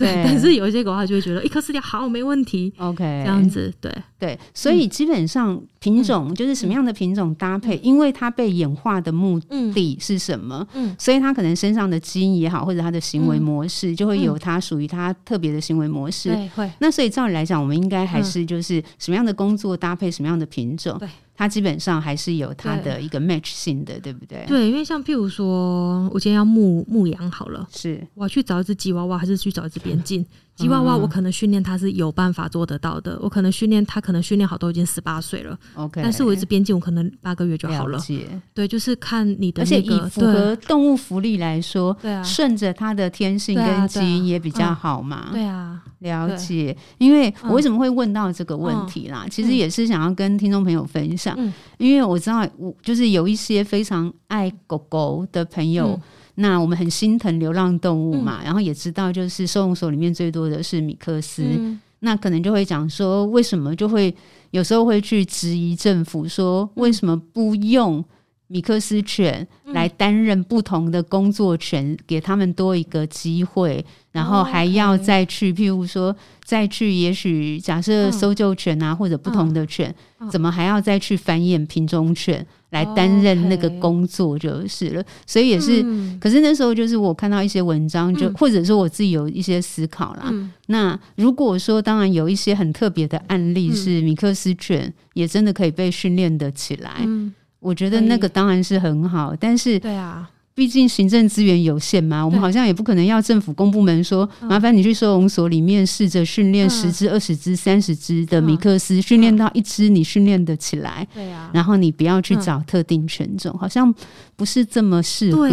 對，對但是，有一些狗它就會覺得一顆飼料好沒問題，OK，這樣子，對對，所以基本上品種就是什麼樣的品種搭配，嗯、因為它被演化的目的是什麼，嗯，所以它可能身上的基因也好，或者它的行為模式就會有它屬於它特別的行為模式，會、嗯。嗯、那所以照理來講，我們應該還是就是什麼樣的工作搭配什麼樣的品種。嗯嗯、對。它基本上還是有它的一個 match 性的，對不對？對，因為像譬如說，我今天要牧牧羊好了，是我要去找一隻吉娃娃，還是去找一隻邊境？嗯、吉娃娃我可能訓練它是有辦法做得到的，我可能訓練它，可能訓練好都已經十八歲了。OK，但是我一直邊境，我可能八個月就好了。了解，對，就是看你的、那個。而且以符合動物福利來說，對啊、順着它的天性跟基因也比較好嘛。對啊，對啊，了解。對。因為我為什麼會問到這個問題啦？嗯、其實也是想要跟聽眾朋友分享。嗯，因為我知道，我就是有一些非常愛狗狗的朋友，嗯、那我們很心疼流浪動物嘛，嗯、然後也知道，就是收容所裡面最多的是米克斯，嗯、那可能就會講說，為什麼就會有時候會去質疑政府，說為什麼不用？米克斯犬來擔任不同的工作犬，嗯、給他們多一個機會，然後還要再去，Okay. 譬如說再去，也許假設搜救犬啊，嗯、或者不同的犬，嗯嗯、怎麼還要再去繁衍品種犬來擔任那個工作就是了。Okay. 所以也是，嗯、可是那時候就是我看到一些文章就，就、嗯、或者說我自己有一些思考啦。嗯、那如果說，當然有一些很特別的案例，是米克斯犬也真的可以被訓練得起來。嗯嗯我覺得那個當然是很好，但是，對啊，畢竟行政資源有限嘛，我們好像也不可能要政府公部門說，麻煩你去收容所裡面試着訓練十隻、二十隻、三十隻的米克斯，訓練到一隻你訓練得起來，對啊，然後你不要去找特定犬種，好像不是這麼適合，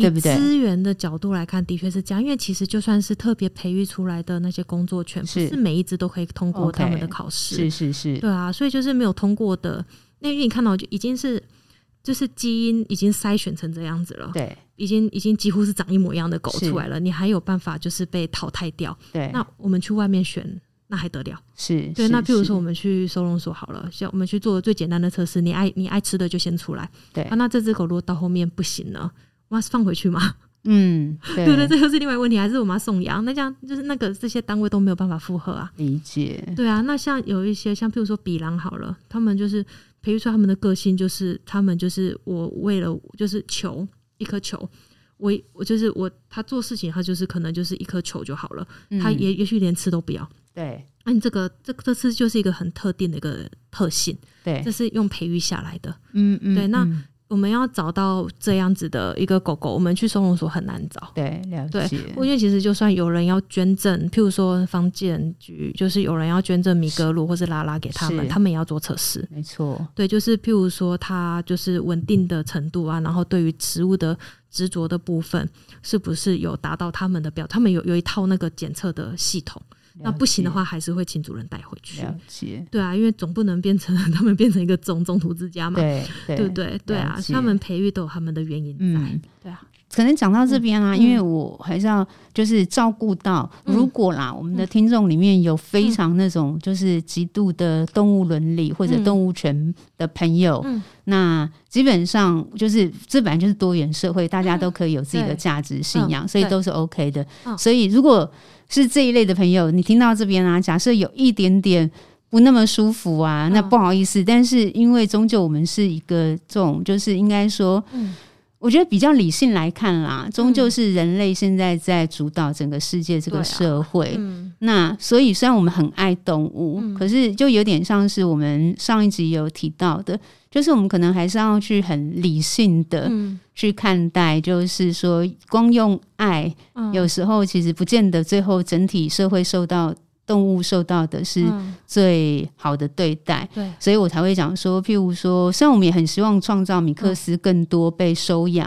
對不對？資源的角度來看，的確是這樣，因為其實就算是特別培育出來的那些工作犬，不是每一隻都可以通過他們的考試，是是是，對啊，所以就是沒有通過的。那因為你看到，就已經是就是基因已經篩選成這樣子了，對，已經已經幾乎是長一模一樣的狗出來了，是你還有辦法就是被淘汰掉？對，那我們去外面選，那還得了？是對，是那比如說我們去收容所好了，像我們去做最簡單的測試，你愛你愛吃的就先出來，對啊，那這隻狗如果到後面不行了，我要放回去嗎？嗯，對 對，這又是另外一個問題，還是我媽送養？那這樣就是那個這些單位都沒有辦法負荷啊，理解？對啊，那像有一些像比如說比狼好了，他們就是。培育出他們的個性，就是他們就是我為了就是求一顆球，我我就是我他做事情他就是可能就是一顆球就好了，嗯、他也也許連吃都不要。對，那、啊、你這個這這個、次就是一個很特定的一個特性，對，這是用培育下來的。嗯嗯，嗯對，那。嗯我們要找到這樣子的一個狗狗，我們去收容所很難找。對，了解。因為其實就算有人要捐贈，譬如說防檢局，就是有人要捐贈米格魯或是拉拉給他們，是他們也要做測試。沒錯。對，就是譬如說，他就是穩定的程度啊，然後對於食物的執着的部分，是不是有達到他們的標？他們有有一套那個檢測的系統。那不行的話，還是會請主人帶回去。對啊，因為總不能變成他們變成一個中中途之家嘛，對對對。對啊，他們培育都有他們的原因在。嗯，對啊。可能講到這邊啊，因為我還是要就是照顧到，如果啦，我們的聽眾裡面有非常那種就是極度的動物倫理或者動物權的朋友，那基本上就是這本來就是多元社會，大家都可以有自己的價值信仰，所以都是 OK 的。所以如果是這一類的朋友，你聽到這邊啊，假設有一點點不那麼舒服，啊，那不好意思，哦、但是因為終究我們是一個這種，就是應該說，嗯、我覺得比較理性來看啦，終究是人類現在在主導整個世界這個社會。嗯那所以，雖然我們很愛動物，嗯、可是就有點像是我們上一集有提到的，就是我們可能還是要去很理性的去看待，就是說光用愛，嗯、有時候其實不見得最後整體社會受到。動物受到的是最好的對待，嗯、對，所以我才會講說，譬如說，雖然我們也很希望創造米克斯更多被收養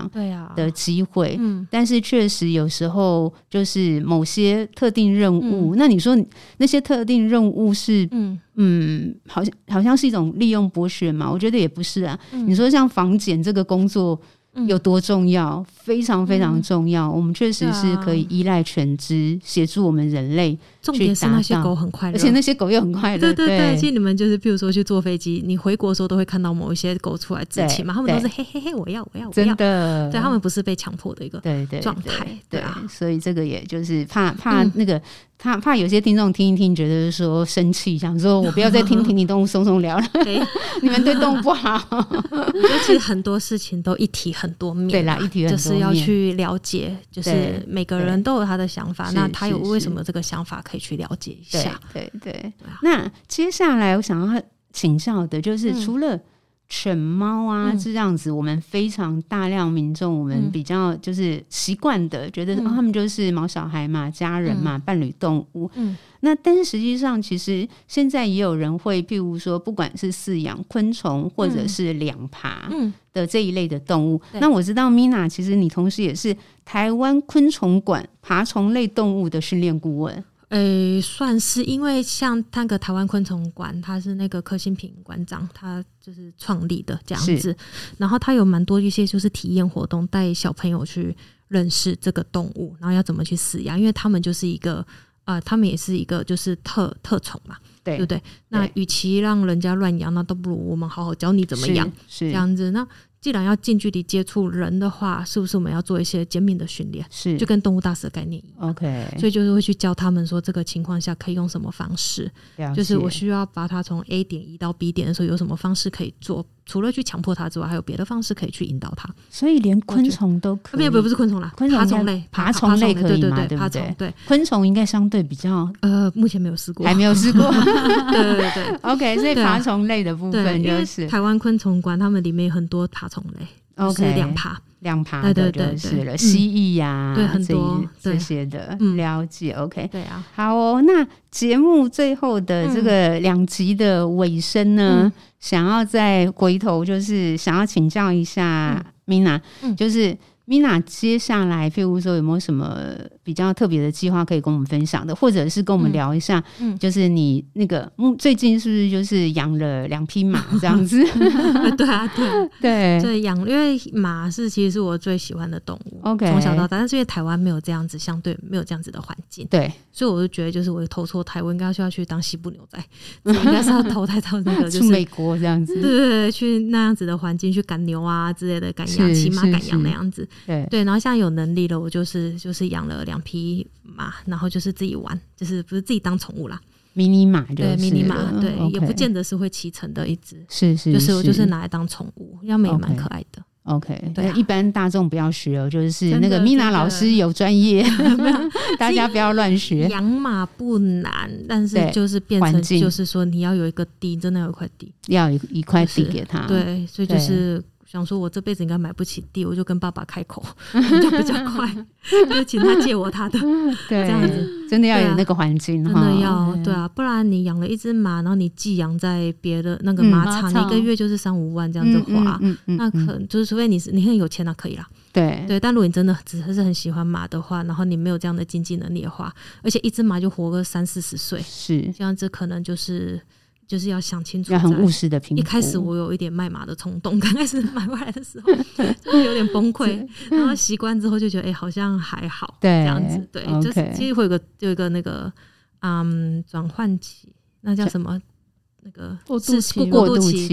的機會。嗯、對啊，嗯，但是確實有時候就是某些特定任務，嗯、那你說那些特定任務是嗯嗯，好像好像是一種利用剝削嘛？我覺得也不是啊。嗯、你說像防檢這個工作有多重要？嗯、非常非常重要，嗯、我們確實是可以依賴犬隻協助我們人類。重點是那些狗很快樂，而且那些狗又很快樂。對對對，其實你們就是比如說去坐飛機，你回國的時候都會看到某一些狗出來執勤嘛，他們都是嘿嘿嘿，我要我要，我要，真的，對他們不是被強迫的一個狀態，對啊。所以這個也就是怕怕那個怕怕有些聽眾聽一聽覺得說生氣，想說我不要再聽“挺挺動物鬆鬆聊了”。你們對動物不好，其實很多事情都一體很多面，對啦，一體很多面就是要去了解，就是每個人都有他的想法，那他有為什麼這個想法？可去了解一下，對對對。好。那接下來我想要請教的，就是、嗯、除了犬貓啊、嗯、這樣子，我們非常大量民眾，嗯、我們比較就是習慣的，覺得、嗯、他們就是毛小孩嘛、家人嘛、嗯、伴侶動物。嗯，那但是實際上，其實現在也有人會，譬如說，不管是飼養昆蟲或者是兩爬的這一類的動物。嗯嗯、那我知道 Mina，其實你同時也是台灣昆蟲館爬蟲類動物的訓練顧問。誒、欸，算是因為像那個台灣昆蟲館，它是那個柯心平館長他就是創立的這樣子，是然後他有蠻多一些就是體驗活動，帶小朋友去認識這個動物，然後要怎麼去飼養，因為他們就是一個啊、呃，他們也是一個就是特特寵嘛，對，對不對？那與其讓人家亂養，對那都不如我們好好教你怎麼養，是這樣子那。既然要近距離接觸人的話，是不是我們要做一些減敏的訓練？是，就跟動物大使的概念一樣。OK，所以就是會去教他們說，這個情況下可以用什麼方式？了解。就是我需要把它從 A 點移到 B 點的時候，有什麼方式可以做？除了去強迫它之外，還有別的方式可以去引導它。所以連昆蟲都可以，後面不不是昆蟲啦。爬蟲類、爬蟲類，類可以嗎？可以嗎？對對對，對，對爬蟲對昆蟲應該相對比較呃，目前沒有試過，還沒有試過。 對對對，對，OK，所以爬蟲類的部分就是因為台灣昆蟲館，他們裡面有很多爬蟲類，OK，兩爬。兩爬的就是了，蜥蜴呀、啊，這、嗯、這些的了解，OK，對啊，好哦。那節目最後的這個兩集的尾聲呢，嗯嗯、想要再回頭，就是想要請教一下 Mina，、嗯嗯嗯、就是。米娜，Mina, 接下來譬如說，有沒有什麼比較特別的計劃可以跟我們分享的，或者是跟我們聊一下？嗯，就是你那個，嗯，最近是不是就是養了兩匹馬這樣子？嗯嗯、 對啊，對，對，養對，因為馬是其實是我最喜歡的動物。OK，從小到大，但是因為台灣沒有這樣子，相對沒有這樣子的環境，對，所以我就覺得就是我投錯胎，我應該需要去當西部牛仔，應該是要投胎到那個就是 美國這樣子，對,對,對，去那樣子的環境去趕牛啊之類的，趕羊、騎馬是、趕羊那樣子。對，然後現在有能力了，我就是就是養了兩匹馬，然後就是自己玩，就是不是自己當寵物啦，迷你馬就是對迷你馬，對，okay, 也不見得是會騎乘的一只，是，是是，就是我就是拿來當寵物，要美蠻可愛的。OK，okay 對、啊，一般大眾不要學，就是那個 Mina 老師有專業，的 大家不要亂學。養 馬不難，但是就是變成就是說你要有一個地，真的有一塊地，要有一塊地、地給他、就是，對，所以就是。想說，我這輩子應該買不起地，我就跟爸爸開口，就比較快， 就是請他借我他的。 對，這樣子真的要有那個環境，啊、 真的要對啊，不然你養了一只馬，然後你寄養在別的那個馬場，嗯、你一個月就是三五萬這樣子花，嗯嗯嗯嗯、那可就是除非你是你很有錢那、啊、可以啦。對對，但如果你真的只是很喜歡馬的話，然後你沒有這樣的經濟能力的話，而且一只馬就活個三四十歲，是這樣子，可能就是。就是要想清楚，要很務實的評估。一開始我有一點買馬的衝動，剛開始買回來的時候，會 有點崩潰。是然後習慣之後就覺得，哎、欸，好像還好，這樣子。對，對 okay 就是機會有個有一個那個，嗯，轉換期，那叫什麼？像那個是過過過渡期，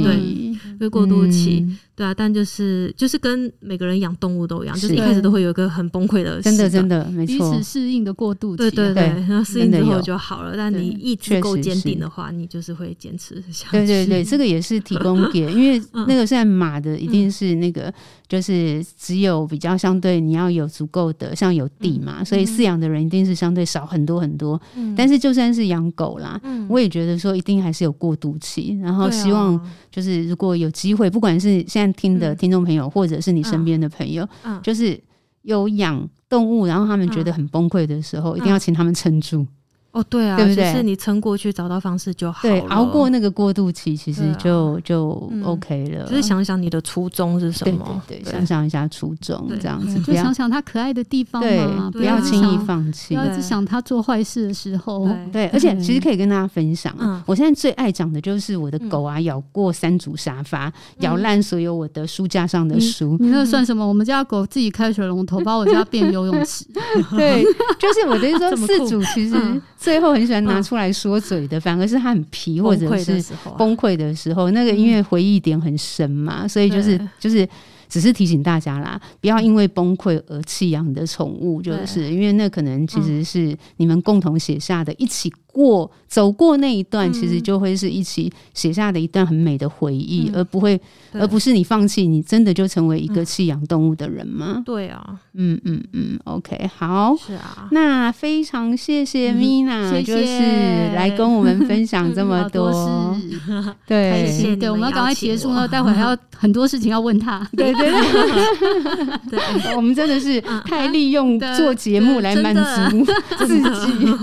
對，過過渡期。嗯對啊，但就是就是跟每個人養動物都一樣，就是一開始都會有一個很崩潰的，真的真的沒錯，適應的過渡期，對對對，然後適應之後就好了。但你一直夠堅定的話，你就是會堅持下去。對對對，這個也是提供給，因為那個現在馬的一定是那個，就是只有比較相對你要有足夠的，像有地嘛，所以飼養的人一定是相對少很多很多。但是就算是養狗啦，我也覺得說一定還是有過渡期，然後希望就是如果有機會，不管是現但聽的聽眾朋友，或者是你身邊的朋友，嗯嗯嗯、就是有養動物，然後他們覺得很崩潰的時候，嗯嗯、一定要請他們撐住。哦，對啊，可是你撐過去，找到方式就好。對，熬過那個過渡期，其實就就 OK 了。只是想想你的初衷是什麼，對，想想一下初衷這樣子。就想想它可愛的地方嘛，不要輕易放棄。不要只想它做壞事的時候。對，而且其實可以跟大家分享。嗯。我現在最愛講的就是我的狗啊，咬過三組沙發，咬爛所有我的書架上的書。那算什麼？我們家狗自己開水龍頭，把我家變游泳池。對，就是我就是說，四組其實。最後很喜歡拿出來說嘴的，嗯、反而是他很皮，啊、或者是崩潰的時候。那個音樂回憶點很深嘛，嗯、所以就是對就是只是提醒大家啦，不要因為崩潰而棄養你的寵物，就是對因為那可能其實是你們共同寫下的一起。嗯過走過那一段，其實就會是一起寫下的一段很美的回憶，而不會，而不是你放棄，你真的就成為一個棄養動物的人嗎？對啊，嗯嗯嗯，OK，好，是啊，那非常謝謝 Mina，就是來跟我們分享這麼多，對，對，我們要趕快結束呢，待會還要很多事情要問他，對對對，對，我們真的是太利用做節目來滿足自己。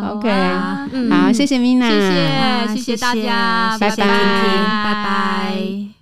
OK，好，謝謝 Mina，謝謝，謝謝大家，謝謝聆聽，拜拜。謝謝。